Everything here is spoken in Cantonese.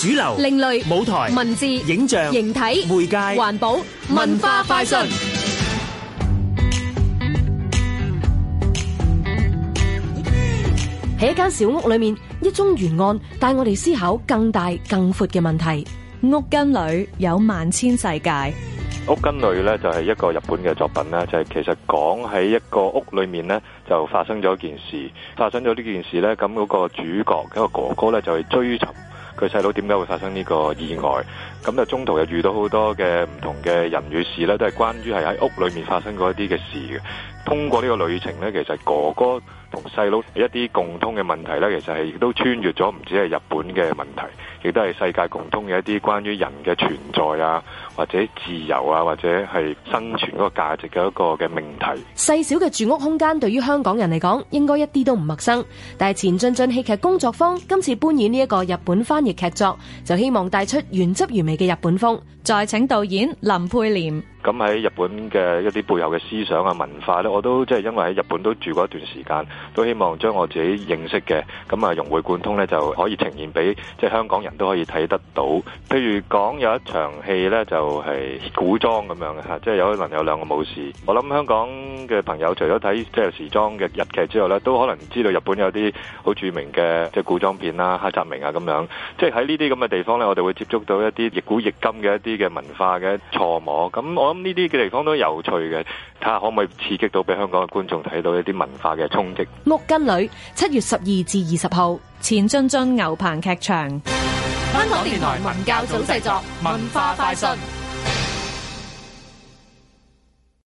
主流、另類、舞台、文字、影像、形體、媒介、環保、文化、快訊。喺一間小屋裏面，一宗懸案帶我哋思考更大、更闊嘅問題。屋根裏有萬千世界。屋根裏咧就係一個日本嘅作品啦，就係其實講喺一個屋裏面咧就發生咗一件事，發生咗呢件事咧，咁嗰個主角一個哥哥咧就係追尋。佢細佬點解會發生呢個意外？咁就中途又遇到好多嘅唔同嘅人與事咧，都係關於係喺屋裏面發生過一啲嘅事嘅。通過呢個旅程呢，其實哥哥同細佬一啲共通嘅問題呢，其實係亦都穿越咗唔止係日本嘅問題，亦都係世界共通嘅一啲關於人嘅存在啊，或者自由啊，或者係生存嗰個價值嘅一個嘅命題。細小嘅住屋空間對於香港人嚟講，應該一啲都唔陌生。但係前進進戲劇工作坊今次搬演呢一個日本翻譯劇作，就希望帶出原汁原味嘅日本風。再請導演林佩蓮咁喺日本嘅一啲背後嘅思想啊，文化咧，我都即係、就是、因為喺日本都住過一段時間，都希望將我自己認識嘅咁啊融會貫通咧，就可以呈現俾即係香港人都可以睇得到。譬如講有一場戲咧，就係、是、古裝咁樣嘅吓，即係有可能有兩個武士。我諗香港嘅朋友除咗睇即係時裝嘅日劇之外咧，都可能知道日本有啲好著名嘅即係古裝片啦、啊、黑澤明啊咁樣。即係喺呢啲咁嘅地方咧，我哋會接觸到一啲亦古亦今嘅一啲嘅文化嘅錯摸。咁我咁呢啲嘅地方都有趣嘅，睇下可唔可以刺激到俾香港嘅觀眾睇到一啲文化嘅衝擊。《屋根裏》，七月十二至二十號，前進進牛棚劇場。香港電台文教組製作，文化快訊。